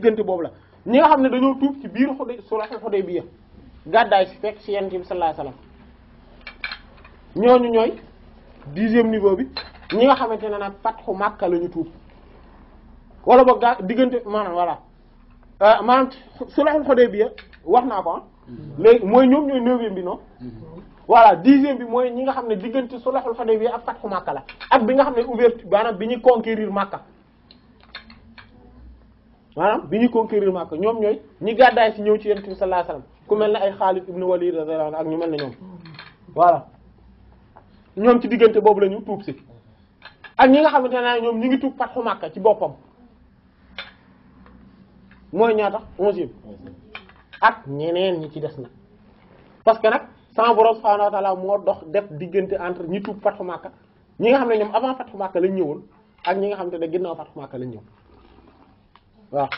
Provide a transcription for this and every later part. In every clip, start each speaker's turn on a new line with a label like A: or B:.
A: diggante boobu la ñi nga xam ne dañoo tuub ci biir xude sulh Hudaybiya gàddaay si fekk si yonent bi sallallahu alayhi wa sallam ñooñu ñooy dixième niveau bi ñi nga xamante ne nag fatxu Makka la ñu tuub wala boog diggante maanaam voilà euh, maanaam sulh Hudaybiya wax naa ko ah mm-hmm. mooy ñoom ñooy neuvième bi non mm-hmm. voilà dixième bi mooy ñi nga xam ne diggante sulh Hudaybiya ak fatxu Makka la ak bi nga xam ne ouverture maanaam bi ñuy conquérir Makka maanaam bi ñu conquérir Makka ñoom ñooy ñi gàddaay si ñëw ci Yonent bi sallallahu alayhi wasallam ku mel ne ay Xaalid ibn Walid radiyallahu anhu ak ñu mel ne ñoom voilà ñoom ci diggante boobu la ñu tuub si ak ñi nga xamante ne ñoom ñu ngi tuub Fathu Makka ci boppam mooy ñaata onzième ak ñeneen ñi ci des na parce que nag sama borom subhanahu wa ta'ala moo dox def diggante entre ñi tuub Fathu Makka ñi nga xam ne ñoom avant Fathu Makka lañ ñëwoon ak ñi nga xam ne ginnaaw Fathu Makka lañ ñëw waaw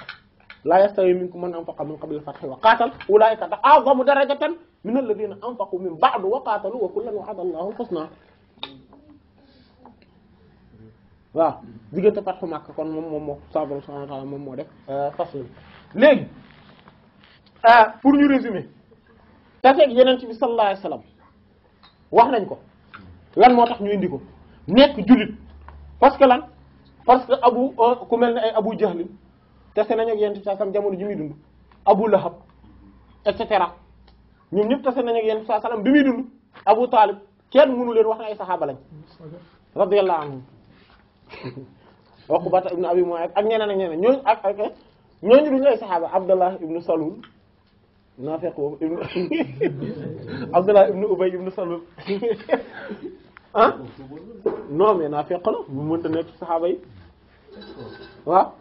A: laa yastawi minkum man anfaqa min qabli al-fathi wa qaatal ulaa'ika a'zamu darajatan min alladhina anfaqu min ba'du wa qaatalu wa kullan wa'ada Allahu al-husna waaw diggante fatxu Makka kon moom moom moo sabro subhanahu wa ta'ala euh, euh, pour ñu résumer taseeg yenent bi wax nañ ko lan moo tax ñu indi ko nekk jullit parce que lan parce que abu euh, ku mel ne ay abu jahlin tase nañu ak yonent bi sallam jamono ji muy dund Abu Lahab et cetera ñoom ñëpp tase nañu ak yonent bi Abu Talib kenn mënu leen wax ne ay saxaaba lañ radiyallahu anhum Uqbata ibnu Abi Mu'ayt ak ñeneen ak ñeneen ñooñu ak ak ñooñu duñu ay saxaaba Abdullah ibnu Salul naafeq Abdullah ibnu Ubay ibnu Salul ah non mais naafeq la bu mënta nekk saxaaba yi waaw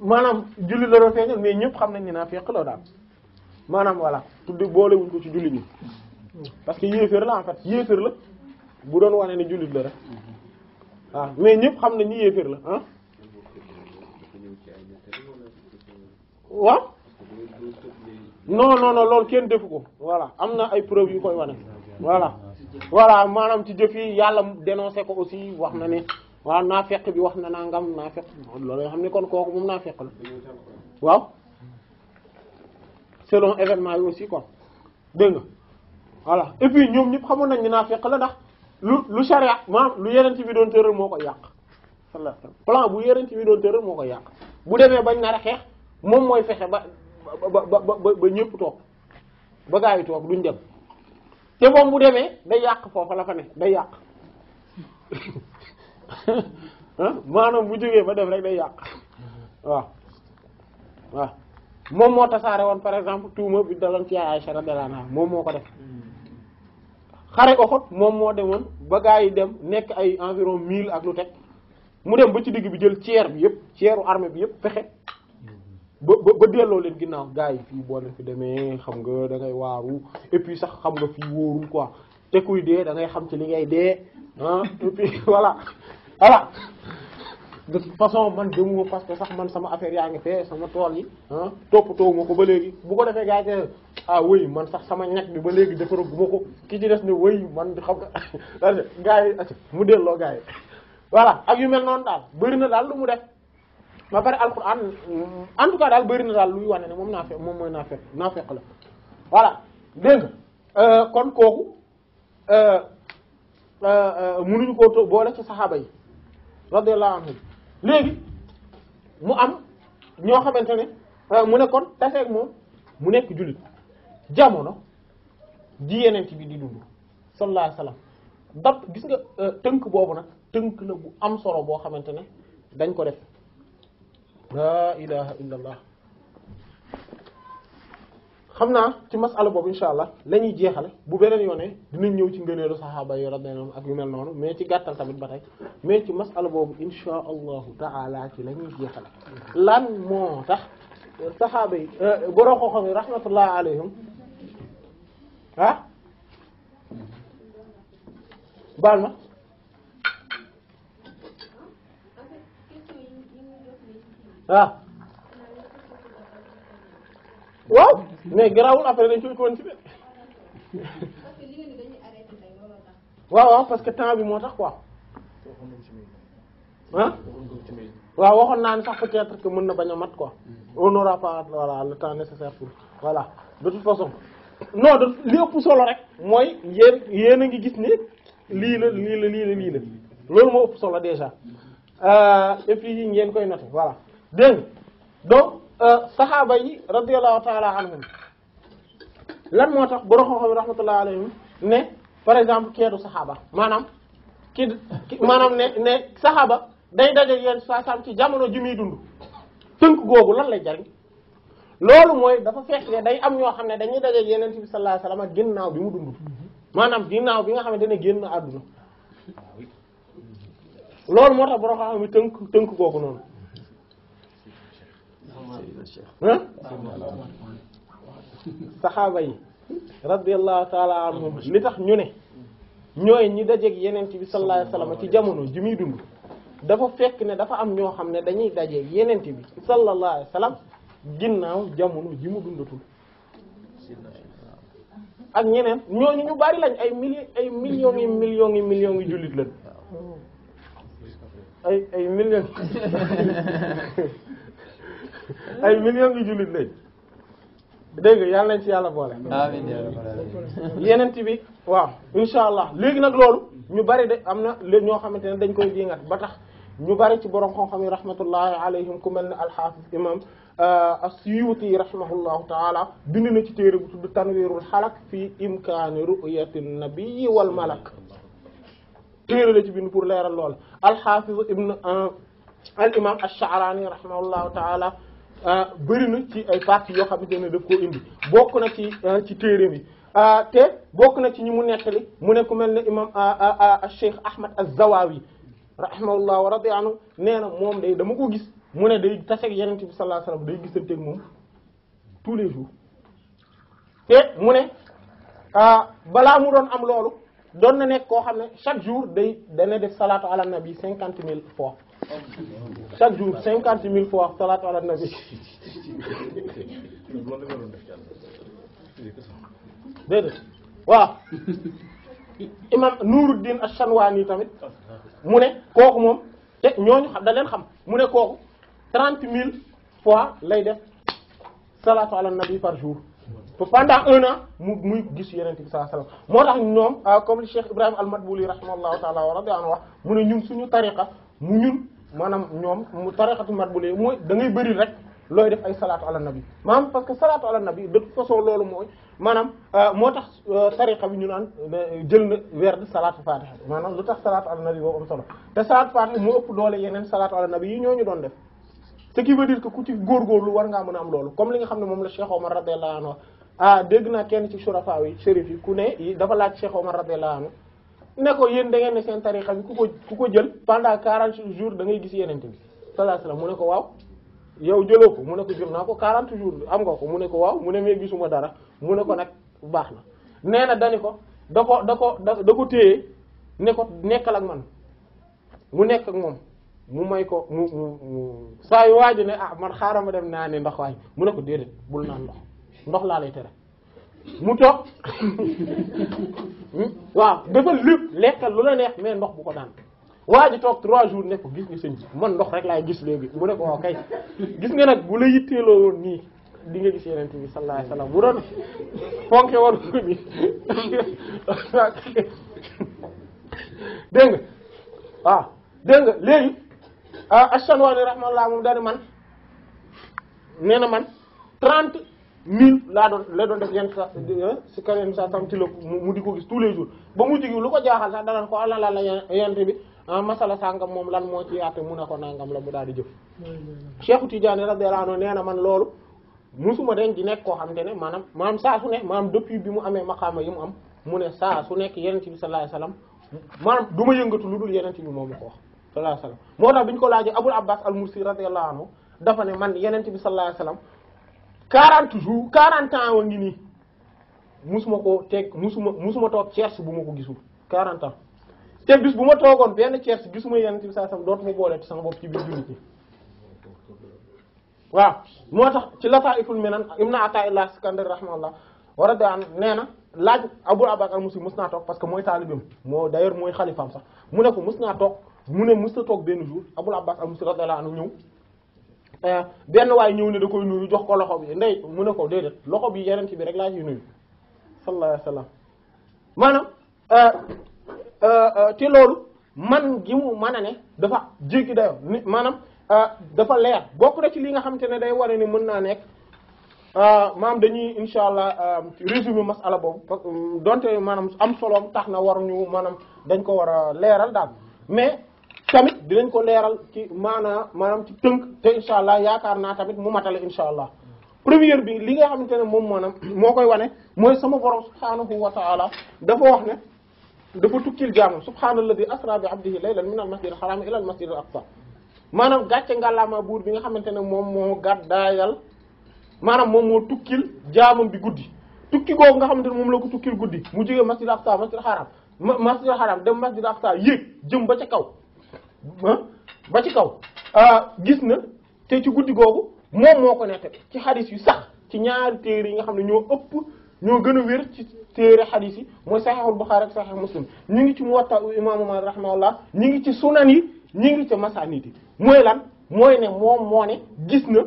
A: maanaam julli la doon feeñal mais ñëpp xam nañ ne naa fekk la daal maanaam voilà tudde boolewuñ ko ci julli ñi parce que yéeféer la en fait yéeféer la bu doon wane ne jullit la rek waaw mais ñëpp xam nañ ni yéeféer la ah waaw non non non loolu kenn defu ko voilà am na ay preuves yu koy wane voilà voilà maanaam ci jëf yi yàlla dénoncé ko aussi wax na ne waaw naafeq bi wax na nangam naafeq loolu nga xam ne kon kooku moom naafeq la waaw selon événement yi aussi quoi dégg nga voilà et puis ñoom ñëpp xamoon nañ ni naafeq la dax lu lu sharia maanaam lu yeneen bi doon tëral moo ko yàq plan bu yeneen bi doon tëral moo ko yàq bu demee bañ nar a xeex moom mooy fexe ba ba toog ba gaa toog duñ dem te moom bu demee day yàq foofa la fa ne day yàq maanaam bu jógee ba dem rek day yàq waaw waaw moom moo tasaare woon par exemple tuuma bi daloon ci moom moo ko def moom moo demoon ba gaa yi dem nekk ay environ mille ak lu teg mu dem ba ci digg bi jël tiers bi yëpp tiersu arme bi yëpp fexe ba ba delloo leen ginnaaw gaa yi fii boo fi demee xam nga da ngay waaru et puis sax xam nga fii wóorul quoi te kuy dee da ngay xam ci li ngay dee ah et puis voilà de toute façon man demuma parce que sax man sama affaire yaa ngi fee sama tool yi ah toppatoo ma ko ba léegi bu ko defee gars yi ah oui man sax sama ñag bi ba léegi defaraguma ko ki ci des ne oui man xam nga gars yi mu delloo gars yi voilà ak yu mel noonu daal bëri na daal lu mu def ma pare alxuraan en tout cas daal bëri na daal luy wane ne moom naa fekk moom mooy naa fekk naa fekk la voilà dégg euh, kon kooku. Euh, Euh, euh, munuñu ko boole ci saxaaba yi radiyallahu anhum léegi mu am ñoo xamante ne euh, mu ne kon taseeg moom mu nekk jullit jamono di yeneen ci bi di dund sallallahu alayhi wasallam gis nga tënk boobu nag tënk la bu am solo boo xamante ne dañ ko def laa ilaha illallah xamna ci masala bobu inshallah lañuy jéxalé bu bénen yone dinañ ñëw ci ngëneelu saxaaba yi radiyallahu ak yu mel noonu mais ci gàttal tamit batay mais ci masala bobu inshallah taala ci lañuy jéxalé lan mo tax sahaba yi boroo ko xam rahmatullah alayhim ha baal ma ah mais garaawul après dañ koy continuer
B: waaw waaw parce que temps bi moo tax
A: quoi waaw waxoon naa ne sax peut-être que mën na bañ a mat quoi on n'aura pas voilà le temps nécessaire pour voilà de toute façon non li ëpp solo rek mooy yéen yéen a ngi gis ni lii la lii la lii la loolu moo ëpp solo déjà euh, et yi ngeen koy noter voilà dégg donc euh, saxaaba yi radiyallahu taala anhum lan moo tax borom xam-xam rahmatullahi alayhim ne par exemple keedu saxaaba maanaam ki maanaam ne ne saxaaba day daja yenn saa saam ci jamono ji muy dund tënk googu lan lay jariñ loolu mooy dafa fekk ne day am ñoo xam ne dañuy daje yeneen bi sallallahu alayhi génn naaw bi mu dund maanaam ginnaaw bi nga xamante ne génn àdduna loolu moo tax borom xam-xam yi tënk tënk googu noonu. saxaaba yi radiyallahu taala anhum li tax ñu ne ñooy ñi dajeeg yenent bi sallallahu alayhi ci jamono ji muy dund dafa fekk ne dafa am ñoo xam ne dañuy dajeeg yenent bi sallallahu alayhi ginnaaw jamono ji mu dundatul ak ñeneen ñooñu ñu bari lañ ay millions ay millions yi millions yi ay ay millions jullit lañ dégg nga yàlla nañ ci yàlla boole. amiin yeneen bi waaw incha allah léegi nag loolu ñu bari de am na léegi ñoo xamante ne dañ koy jéngat ba tax ñu bari ci borom xam-xam yi rahmatullahi alayhim ku mel ne alxaafis imam as-Suyuti rahimahullahu taala bind na ci téere bu tudd tanwiirul xalak fii imkaani ru'yati nabii wal malak téere la ci bind pour leeral lool alxaafis ibn al imam ash-Sha'rani rahimahullahu taala Euh, bëri na ci ay parti yoo xamante ne daf koo indi bokk na ci euh, ci téere bi euh, te bokk na ci ñi mu nettali mu ne ku mel ne imam Cheikh Ahmad Az-Zawawi rahimahullah wa radiya anhu nee na moom day dama ko gis mu ne day taseeg yenente bi sallallahu alayhi wasallam day gisanteeg moom tous les jours te mu ne balaa mu doon am loolu doon na nekk koo xam ne chaque jour day dana def salaatu ala nabi cinquante mille fois chaque jour cinquante mille fois salaatu ala nabi déedéet waaw imam Nuruddin Ash-Shanwani tamit mu ne kooku moom te ñooñu xam da leen xam mu ne kooku trente mille fois lay def salaatu ala nabi par jour pendant un an mu muy gis yeneen bi sallallahu alayhi moo tax ñoom ah, comme li Cheikh Ibrahim al-Madbuli rahimahullahu ta'ala wa radiya anhu wax mu ne ñun suñu tariqa mu ñun maanaam ñoom mu tarixatu mat bu léegi mooy da ngay bëri rek looy def ay salaatu ala nabi maanaam parce que salaatu ala nabi de toute façon loolu mooy maanaam euh, moo tax euh, tariqa bi ñu naan jël na weer de salaatu fatiha maanaam lu tax salaatu ala nabi boobu am solo te salaatu fatiha mu ëpp doole yeneen salaatu ala nabi yi ñooñu doon def ce qui veut dire ku ci góorgóorlu war ngaa mën a am loolu comme li nga xam ne moom la Cheikh Omar radiyallahu anhu ah dégg naa kenn ci shurafa yi shérif yi ku ne dafa laaj Cheikh Omar radiyallahu anhu ne ko yéen da ngeen ne seen tarixa bi ku ko ku ko jël pendant quarante jour da ngay gis yenente bi sallallahu alayhi mu ne ko waaw yow jëloo ko mu ne ko jël naa ko quarante jour am nga ko mu ne ko waaw mu ne mais gisuma dara mu ne ko nag baax na nee na dani ko da ko da ko da ko téye ne ko nekkal ak man mu nekk ak moom mu may ko mu mu mu saa yu waaju ne ah man xaaral ma dem naa ne ndox waay mu ne ko déedéet bul naan ndox ndox laa lay tere mu toog hmm? waaw defal lépp lekkal lu la neex mais ndox bu ko naan waa ji toog trois jours ne ko gis nga sëñ man ndox rek laay gis léegi mu ne waaw kay gis nga nag bu la yitteeloo woon nii di nga gis yeneen bi sallallahu alayhi wasallam bu doon fonke woon ko bi dégg nga waaw ah, dégg nga léegi ah, Ash-Shanwani rahmatullah moom daal man nee na man trente mille laa doon la def yenn sa euh, si kër yenn saa tam ci mu di ko gis tous les jours ba mu jigi lu ko jaaxal sax danaan ko ala la la yent bi ah, masala sàngam moom lan moo ci yaate mu ne ko nangam la mu daal di jëf Cheikh Tidiane radiyallahu anhu nee na man loolu musuma den di nekk koo xam te ne maanaam maanaam saa su ne maanaam depuis bi mu amee maqaama yi mu am mu ne saa su nekk yenent bi sallallahu alayhi wasallam maanaam du ma yëngatu lu dul yenent bi moom ma ko wax sallallahu alayhi wasallam moo tax bi ñu ko laajee Abul Abbas al-Mursi radiyallahu anhu dafa ne man yenent bi sallallahu alayhi 40 jours 40 ans wa ngi nii musuma ko tek musuma musuma tok cherche bu ma ko gisul 40 ans té bis bu ma toogoon benn Thiès gisuma yenn ci saa sam bolé ci sama bop ci biir jullit ci wa motax ci Lataa'iful Minan Ibn Ataa'illah Iskandari rahimahullah war a daan nee na laaj Abu Abakar Muslim mës naa toog parce que moy talibum mo d'ailleurs moy khalifam sax mu ne ko musna tok toog mu ne mës na toog jour abou Abbas al-Muslim radiyallahu anhu ñëw Eh, benn waay ñëw ne da koy nuyu jox ko loxo bi ndey mu ne ko déedéet loxo bi yeneen ci bi rek laa ciy nuyu sallallahu alayhi wa sallam maanaam eh, eh, te loolu man gi mu mane a ne dafa jéggi dayo ni maanaam dafa leer bokk na ci li nga xamante ne day ware ne mën naa nekk maam dañuy insha allah résumé masala boobu mm, donte maanaam am soloom tax na ñu maanaam dañ ko war a leeral daal mais tamit dinañ ko leeral ci maanaa maanaam ci tënk te incha allah yaakaar naa tamit mu matal incha allah première bi li nga xamante ne moom maanaam moo koy wane mooy sama borom subhaanahu wa taala dafa wax ne dafa tukkil jaamam subhaanalladi asra bi abdihi laylan min al masjid al haram ila al masjid al aqsa maanaam gàcce ngàllaama buur bi nga xamante ne moom moo gàddaayal maanaam moom moo tukkil jaamam bi guddi tukki googu nga xam ne moom la ko tukkil guddi mu jógee masjid al aqsa masjid al haram masjid al haram dem masjid al aqsa yéeg jëm ba ca kaw ba ci kaw ah, gis na te ci guddi googu moom moo ko nettali ci xadis yu sax ci ñaari téere yi nga xam ne ñoo ëpp ñoo gën a wér ci téere xadis yi mooy saxiixul Buxaari ak saxiix Muslim ñu ngi ci Muwatta imaamu Maalik rahimahullah ñu ngi ci sunan yi ñu ngi ci masaanid yi mooy lan mooy ne moom moo ne gis na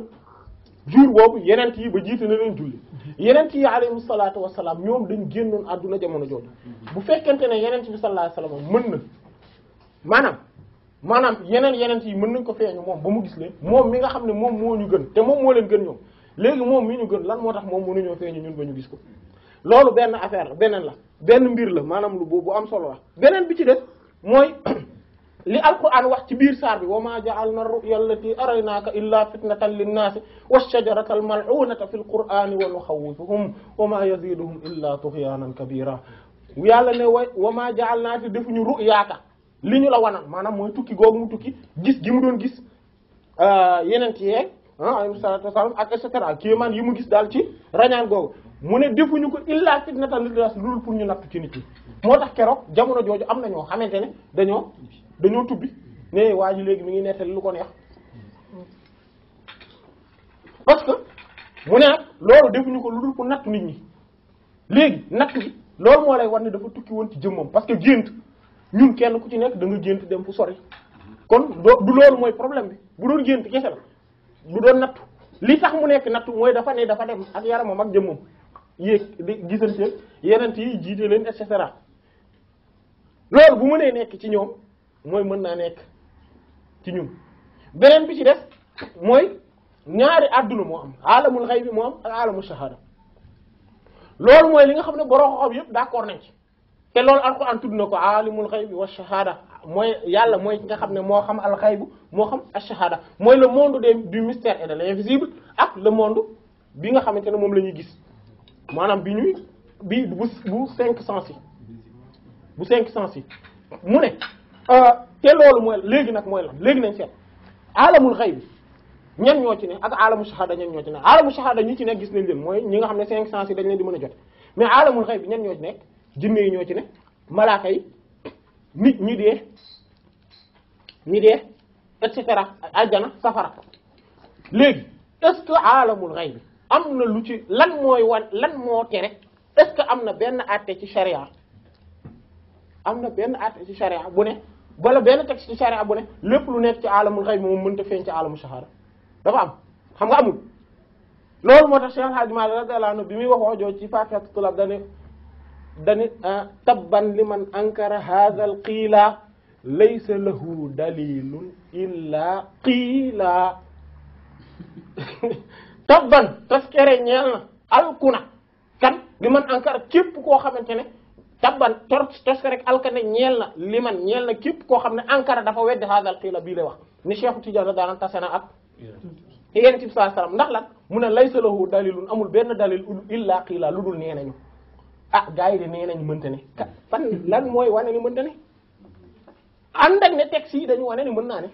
A: jour boobu yenent yi ba jiite na leen julli yenent yi alayhimu salaatu wasalaam ñoom dañ génnoon àdduna jamono jooju bu fekkente ne yenent bi sallallahu alayhi mën na maanaam manam yenen yenen ci meun nañ ko feñu mom bamu gis le mom mi nga xamne mom moom ñu gën te mom mo leen gën ñom legi mom mi ñu gën lan moo tax moom mënuñoo feñu ñun bañu gis ko lolu benn affaire benen la benn mbir la manam lu bu am solo la benen bi ci def moy li alquran wax ci bir sar bi wa ma ja'alna ar-ru'ya allati araynaaka illa fitnatan lin linnaasi wash-shajarata al-mal'unata fi l-qur'ani wa nukhawwifuhum wa ma yaziduhum illa tughyanan kabira yàlla ne wa wa ma ja'alna defuñu ru'yaka li ñu la wanan maanaam mooy tukki googu mu tukki gis gi mu doon gis euh, yeneen yeeg ah alayhi salaatu wasalaam ak et cetera kéemaan yi mu gis daal ci rañaan googu mu ne defuñu ko illaa fitnatan lin-naas loolu pour ñu nattu ci nit ñi. moo tax keroog jamono jooju am na ñoo xamante ne dañoo dañoo tubbi ne waa ji léegi mi ngi nettali lu ko neex parce que mu ne nag loolu defuñu ko lu dul pour nattu nit ñi léegi nattu bi loolu moo lay war ne dafa tukki woon ci jëmmam parce que gént. ñun kenn ku ci nekk da nga gént dem fu sori kon doo du loolu mooy problème bi bu doon gént kese la bu doon nattu li tax mu nekk nattu mooy dafa ne dafa dem ak yaramam ak jëmmam yéeg di gisante yeneen yi jiite leen et cetera loolu bu mënee nekk ci ñoom mooy mën naa nekk ci ñun beneen bi ci def mooy ñaari àdduna moo am aalamul xayb bi moo am ak aalamul shahada loolu mooy li nga xam ne borom xam yëpp d'accord nañ ci. te lool alquran tudd nako alimul xaybi wa shahada moy yàlla moy ki nga xamné mo xam al alxaybu mo xam shahada moy le monde des du mystère et de l'invisible ak le monde bi nga xamante mom lañuy gis manam bi ñuy bi bu 5 sens yi bu 5 sens yi mu ne euh te lool moy légui nak moy lan légui nañ sét alamul xaybi ñan ñoo ci ne ak alamul shahada ñan ñoo ci ne alamul shahada ñi ci né gis nañ leen moy ñi nga xamné 5 sens yi dañ leen di mëna jot mais alamul xaybi ñan ñoo ci nekk jinne yi ñoo ci ne malaaka yi nit ñi dee ñi dee et cetera aljana safara léegi est-ce que alamul xayb am na lu ci lan mooy wan lan moo tere est-ce que am na benn atte ci sharia am na benn àtte ci sharia bu ne wala benn texte ci sharia bu ne lépp lu nekk ci alamul xayb bi moom mënta feeñ ci alamu shahara dafa am xam nga amul loolu moo tax Cheikh Hadj Malick radiyallahu anhu bi muy wax waajoo ci Faatihatul Tulaab dane dani ah, tabban liman ankara hadha al qiila laysa lahu dalilun illa qiila tabban taskere ñeel na alkuna kan liman ankara képp koo xamante ne tabban tor taskere alkane ñeel na liman ñeel na képp koo xam ne ankara dafa weddi hadha al qiila bii wax ni Cheikh Tidiane daanan tase na ak yéen ci saa salaam ndax lan mu na laysa lahu dalilun amul benn dalil illa qiila lu dul nee nañu ah gaa yi de nee nañ mënta ne fan lan mooy wane ni mënta ne ànd ak ne texte yi dañu wane ne mën naa ne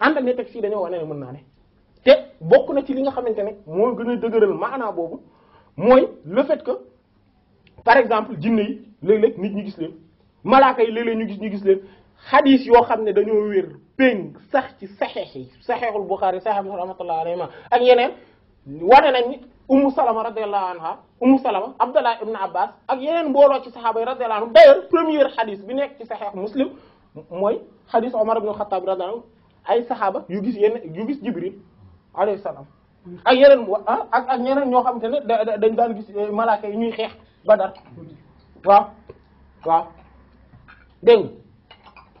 A: ànd ak ne texte yi dañoo wane mën naa ne te bokk na ci li nga xamante ne moo gën a dëgëral maanaa boobu mooy le fait que par exemple jinne yi léeg-léeg nit ñu gis leen malaaka yi léeg-léeg ñu gis ñu gis leen xadis yoo xam ne dañoo wér péng sax ci saxeex yi saxeexul Buxaari saxeexul rahmatullah alayhi ak yeneen wane nañ ni ummu salama radiallahu anha ummu salama abdallah ibn abbas ak yeneen mbooloo ci sahaaba yi radiallahu anhu d'ailleurs premier xadis bi nekk ci saxeex muslim mooy xadis omar ibn xataab radiallahu ay sahaaba yu gis yenn yu gis jibril alayhi salaam ak yeneen ah, ak ak ñeneen ñoo xamante ne dañ daan gis eh, malaaka yi ñuy xeex badar waa waaw dégg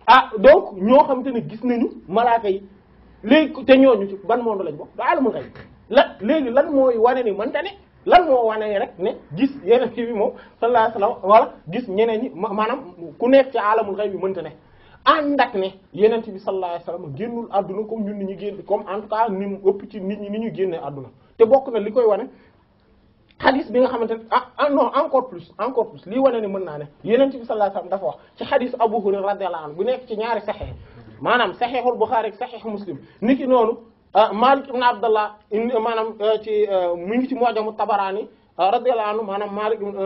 A: ah donc ñoo xamante ne gis nañu malaaka yi léegi te ñooñu ban monde lañ bokk da alamul xayb la léegi lan mooy wane ni mënta ne lan moo wane ni rek ne gis yeneen bi moom sallallahu alayhi wala gis ñeneen ñi maanaam ku nekk ci alamul xayb bi mënta ne ànd ak ne yenent bi sallallahu alayhi wasallam génnul àdduna comme ñun ni ñu génn comme en tout cas ni mu ëpp ci nit ñi ni ñu génne àdduna te bokk na li koy wane xadis bi nga xamante ne ah, ah non encore plus encore plus lii wane ne mën naa ne yenent bi sallallahu alayhi wasallam dafa wax ci xadis Abu Hurayra radiyallahu anhu bu nekk ci ñaari saxeex maanaam saxeexul Buxaari ak saxeexu Muslim niki noonu Euh, Malik ibn Abdallah euh, maanaam euh, ci mu ngi ci Mu'jamu Tabaraani radiyallahu anhu maanaam Malik ibn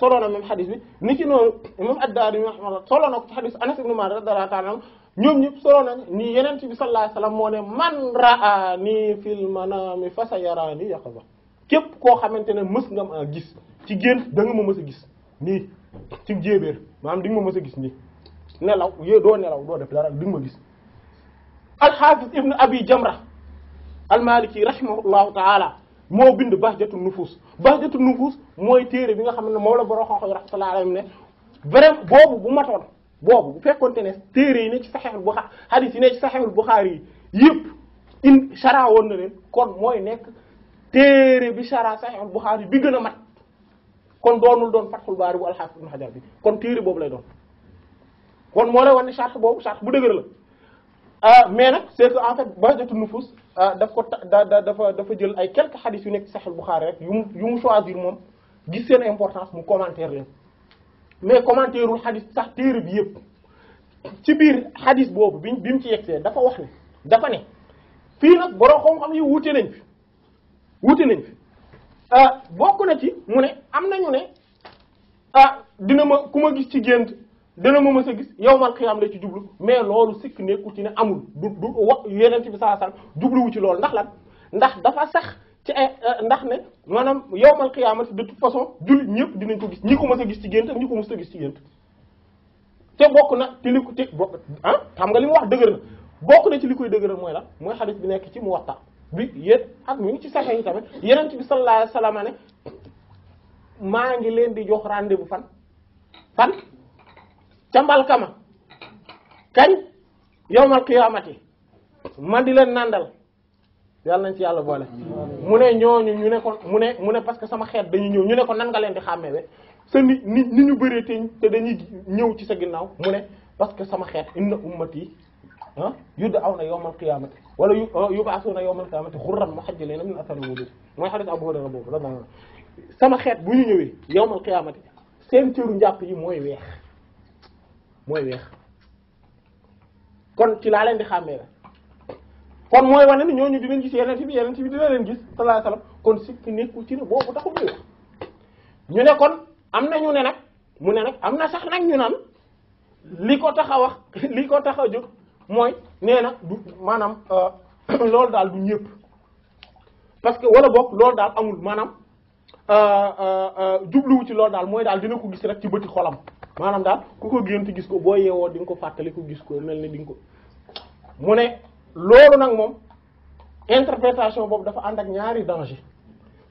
A: solo na même xadis ni ci noonu moom Addaari rahimahullah solo na ko ci xadis Anas ibn Malik radiyallahu ta'ala anhu ñoom ñëpp solo nañ ni Yonent bi sallallahu alayhi wasallam moo ne man ra'aani fil manaami koo xamante ne mës nga ma gis ci génn da ma mës a gis nii ci jéebéer maanaam di ma mës a gis nii nelaw yé doo nelaw doo def dara di ma gis al-Hafiz Abi Jamra almaliki rahimahullahu taala moo bind bahjatu nufus bahjatu nufus mooy téere bi nga xam ne moom la borom xam-xam yi rahmatullahi alayhim ne vraiment boobu bu matoon boobu bu fekkonte ne téere yi ne ci saxiixul buxaari hadis yi ne ci saxiixul buxaari yi yëpp in chara woon na leen kon mooy nekk téere bi chara saxiixul buxaari bi gën a mat kon doonul doon fatxul baari bu alxaafis ibn xajar bi kon téere boobu lay doon kon moo lay wan ne charte boobu charte bu dëgër la mais nag c'est que en fait bahjatu nufus Ah, daf ko ta da dafa dafa jël ay quelques xadis yu nekk ci Sahih Bukhari rek yu mu yu mu choisir moom gis seen importance mu commentaire leen mais commentaire ul sax téere bi yëpp ci biir xadis boobu bi bi mu ci yegsee dafa wax ne dafa ne fii nag borom xam-xam yi wuute nañ fi wuute nañ ah bokk na ci mu ne am nañu ne ah dina ma ku ma gis ci gént dana ma mës a gis yowmal xiyaam la ci jublu mais loolu sikk nekku ci ne amul du du wax yeneen bi saa sal jubluwu ci lool ndax lan ndax dafa sax ci ay euh, ndax ne maanaam yowmal xiyaamati de toute façon jullit ñëpp dinañ gis ñi ko gis ci gént ak ñi ko gis ci gént te bokk na te li ah, xam nga li mu wax dëgër bokk na ci li koy dëgëral mooy la mooy xadis bi nekk ci Muwatta bi yéen ak mi ngi ci saxee yi tamit yeneen bi sallallahu alayhi maa ngi leen di jox rendez bu fan fan cambal ca mbalkama kañ yowmal qiyaamati ma di leen nandal yàlla nañ ci yàlla boole mu ne ñooñu ñu ne ko mu ne mu ne parce que sama xeet dañu ñëw ñu ne ko nan nga leen di xàmmeewe sa ni ni ñu bëree teñ te dañuy ñëw ci sa ginnaaw mu ne parce que sama xeet inna ummati ah yud'awna yawmal qiyaamati wala ah, yub'asuna yawmal qiyaamati xurran muhajjalina min athari wujuud mooy xarit Abu Hurayra boobu la sama xeet bu ñu ñëwee yawmal qiyaamati seen cëru njàpp yi mooy weex mooy weex kon ci laa leen di xàmmee kon mooy wane ni ñooñu dinañ gis yeneen bi yeneen bi dina leen gis sallallahu alayhi wasallam kon sikki nekkul ci ne boobu taxul muy wax ñu ne kon am na ne nag mu ne nag am na sax nag ñu naan li ko tax a wax li tax a jóg mooy nee nag maanaam euh, loolu daal du ñëpp parce que wala boog loolu daal amul maanaam euh, euh, jubluwu ci lool daal mooy daal dina ko gis rek ci bëti xolam. manam daal ku ko gént gis ko bo yeewoo di nga ko fatali ko gis ko melni di nga ko mu lolu nak mom interprétation bobu dafa ànd ak ñaari danger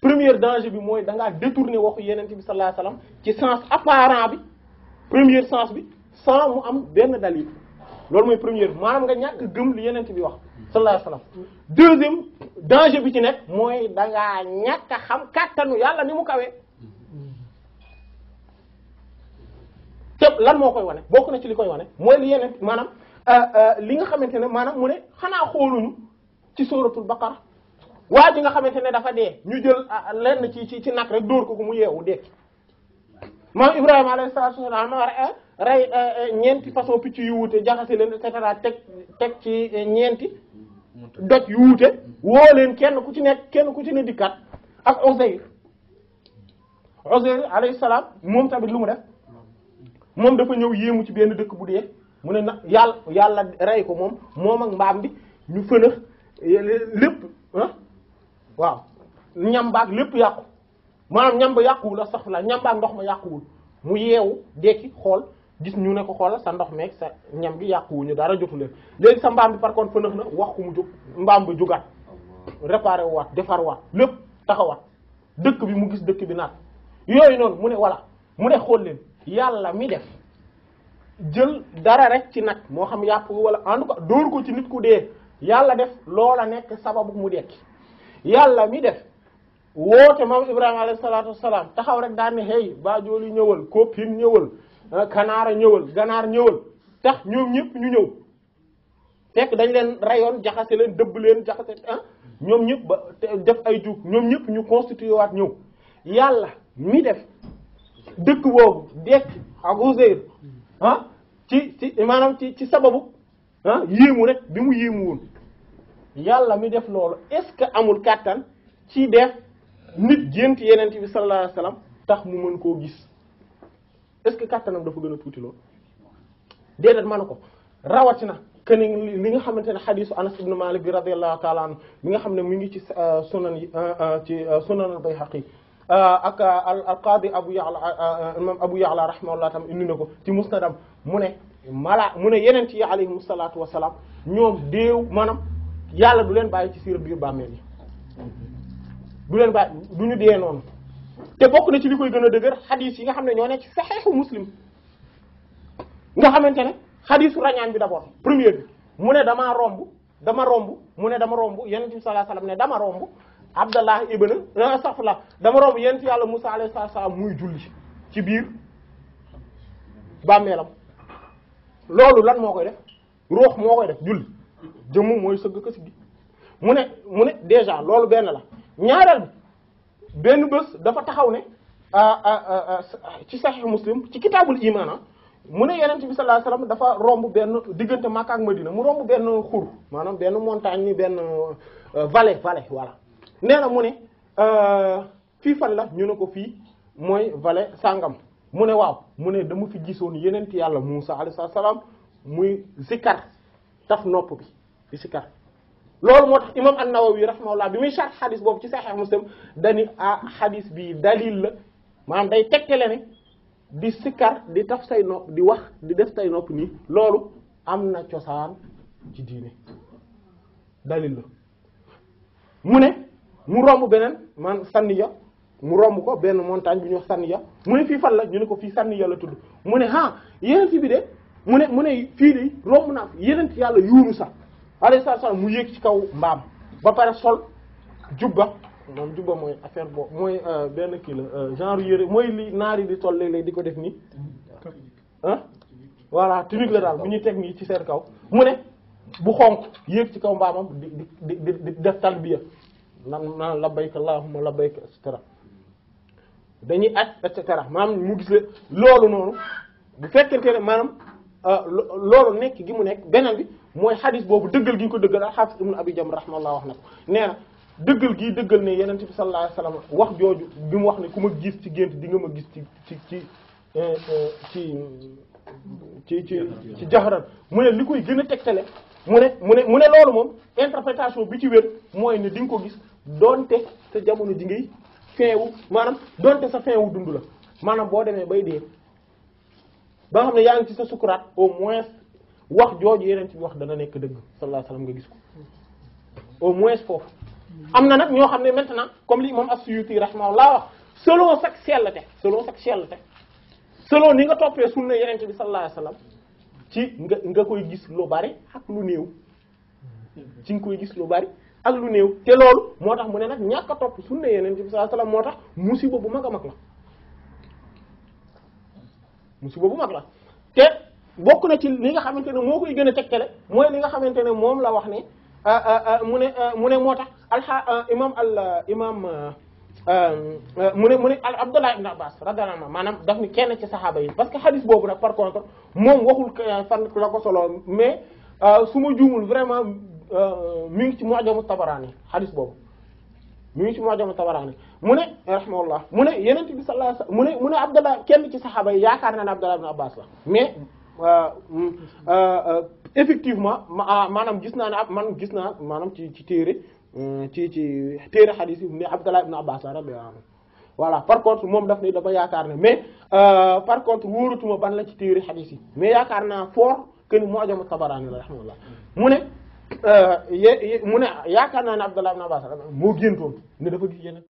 A: premier danger bi moy da ngaa détourner waxu yenenbi sallalahu alayhi wasallam ci sens apparent bi premier sens bi sans mu am ben dalil lolu moy premier manam nga ñàkk gëm li yenenbi wax sallalahu alayhi wasallam deuxième danger bi ci nek moy da ngaa ñàkk xam katanu yalla ni mu te lan moo koy wane bokk na ci li koy wane mooy li yeneen maanaam euh, euh, li nga xamante ne maanaam mu ne xanaa xooluñu ci sóoratul baqara waa nga xamante ne dafa dee ñu jël euh, lenn ci ci ci nag rek dóor ko ku mu yeewu dekki maam Ibrahima alayhi salaatu salaam rey ñeenti façon picc yu wuute jaxase leen et cetera teg teg ci ñeenti doj yu wuute kenn ku ci nekk kenn ku ci ne dikkat ak Uzayr Uzayr alayhi salaam moom tamit lu mu def mom dafa ñew yému ci bénn dëkk bu dee mu né na yàlla ray ko mom mom ak mbam bi ñu fënax lepp ah, waaw ñam baak lepp yaqku manam ñam ba sax la ñam baag ndox ma yàquwul mu yeewu dekki xol gis ñu ne ko xol sa ndox meeg sa ñam bi ñu dara jotu leen léegi sa mbam bi par contre fënax na wax ku mu jóg mbam bi jugat réparé waat défar waat lepp taxawat dëkk bi mu gis dëkk bi naat yoy non mu ne wala mu ne xol leen yàlla mi def jël dara rek ci nag moo xam yàpp wala en tout cas ko ci nit ku dee yàlla def loola nekk sababu mu dekki yàlla mi def woote moom Ibrahima alayhi salaatu wasalaam taxaw rek daan ne hey baajooli ñëwal kopin ñëwal ah, kanaara ñëwal ganaar ñëwal tax ñoom ñëpp ñu ñëw fekk dañ leen rayoon jaxase leen dëbb leen jaxase ah ñoom ñëpp ba def ay juug ñoom ñëpp ñu constitué waat ñëw yàlla mi def dëkk boobu dekk ak Uzayr ah ci ci maanaam ci ci sababu ah yéemu rek bi mu yéemu woon yàlla mi def loolu est-ce que amul kàttan ci def nit gént yeneen bi sallallahu alayhi tax mu mën koo gis est-ce que kàttanam dafa gën a tuuti loolu déedéet ma ne ko rawatina que ni li nga xamante ne xadiisu Anas ibn Malik bi radiyallahu ta'ala anhu nga xam ne mu ngi ci euh, sunan yi euh, euh, ci sunan al-Bayhaqi Euh, ak euh, al qaadi Abu Ya'la euh, imam Abu Ya'la rahimahullah tam indi na ko ci musnadam mu ne mala mu ne yeneen ci alayhimu salaatu wa salaam ñoom déew maanaam yàlla du leen bàyyi ci siira biir bàmmeel yi du leen bàyyi du ñu dee noonu te bokk na ci li koy gën a dëgër xadiis yi nga xam ne ñoo ne ci saxiixu muslim nga xamante ne xadiisu rañaan bi d'abord première bi mu ne dama romb dama romb mu ne dama romb yeneen ci sallallahu alayhi wa sallam ne dama romb Abdallah ibn safla dama romb yent yàlla Musa alayhi salam muy julli ci bir bamelam lolou lan mokoy def ruh mokoy def julli jëmm moy seug ka ci gi mune ne déjà lolou ben la ñaaral ben beus dafa taxaw ne ci Sahih Muslim ci kitabul iman mune ne yeneen bi sallallahu alayhi wasallam dafa rombu ben digeunte Makka ak medina mu rombu ben khur manam ben montagne ni ben vallée vallée voilà nee na mu ne euh, fii fan la ñu ne ko fii mooy vallée sàngam mu ne waaw mu ne dama fi gisoon yeneen ci yàlla Muusa alayhi salaam muy zikar taf nopp bi di zikar loolu moo tax imam an-Nawawi rahimahullah bi muy sharh xadis boobu ci Sahih Muslim dani ah xadis bi dalil la maanaam day tegtale ne di sikar di taf say nopp di wax di def say nopp nii loolu am na cosaan ci diine dalil la mu ne mu romb beneen man Sanniya mu romb ko benn montagne bu ñuy wax Sanniya mu ne fii fan la ñu ne ko fii Sanniya la tudd mu ne ah yeneen si bi de mu ne mu ne fii de romb naa yeneen si yàlla yuuru sax alayhi salaam mu yéeg ci kaw mbaam ba pare sol jubba moom jubba mooy affaire boobu mooy euh, benn kii la euh, genre yëre mooy naar yi di sol léeg-léeg di ko def nii ah voilà tunique la daal bu ñuy teg nii ci seen kaw mu ne bu xonq yéeg ci kaw mbaamam di di di def talbiya nan maanaam labbayk allahumma labbayk et cetera dañuy aj et cetera maanaam mu gis la loolu noonu bu fekkente ne maanaam loolu nekk gi mu nekk beneen bi mooy xadis boobu dëggal gi ñu ko dëggal al-Hafiz ibn Abi Jamr rahimahullah wax na ko nee na dëggal gii dëggal ne yeneen bi sallallahu alayhi wasallam wax jooju bi mu wax ne ku ma gis ci gént di nga ma gis ci ci ci ci ci ci ci jaxaran mu ne li koy gën a tegtale mu ne mu ne mu ne loolu moom interprétation bi ci wér mooy ne di nga ko gis donte sa jamono ji ngay fin wu maanaam donte sa fin wu dund la maanaam boo demee bay dee ba nga xam ne yaa ngi ci sa sukuraat au moins wax jooju yeneen ci wax dana nekk dëgg sallallahu alayhi wasallam nga gis ko au moins foofu. am na nag ñoo xam ne maintenant comme li moom as-Suyuti laa wax selon sa sellte selon sa sellte selon ni nga toppee sunna yeneen bi sallallahu alayhi wasallam ci nga nga koy gis lu bari ak lu néew ci nga koy gis lu bari. ak lu néew te loolu moo tax mu ne nag ñàkk a topp sunna yeneen ci bi sallallahu alayhi wasallam moo tax musiba bu mag a mag la musiba bu mag la te bokk na ci li nga xamante ne moo koy gën a tegtale mooy li nga xamante ne moom la wax ne mu ne mu ne moo tax alxa imam al imam mu ne mu ne al Abdullah ibn Abbas radiyallahu anhu maanaam daf ni kenn ci saxaaba yi parce que xadis boobu nag par contre moom waxul fan la ko mais su ma juumul vraiment mi ngi ci mu'jamu tabaraani xadis boobu mi ngi ci mu'jamu tabaraani mu ne rahimahullah mu ne yenent bi sallallahu alayhi wasallam mu ne mu ne abdallah kenn ci saxaaba yi yaakaar naa ne abdallah ibn effectivement maanaam gis man gis naa ci ci téere ci ci téere xadis yi ne abdallah ibn abbas la radiyallahu par contre moom daf ne dafa yaakaar ne mais par contre wóoratuma ban la ci téere xadis mais yaakaar fort que ni mu'jamu tabaraani la rahimahullah mu Euh, ye mu ne yaakaar naa ne Abdallah ibn Abbas moo géntoon ne dafa gis yeneen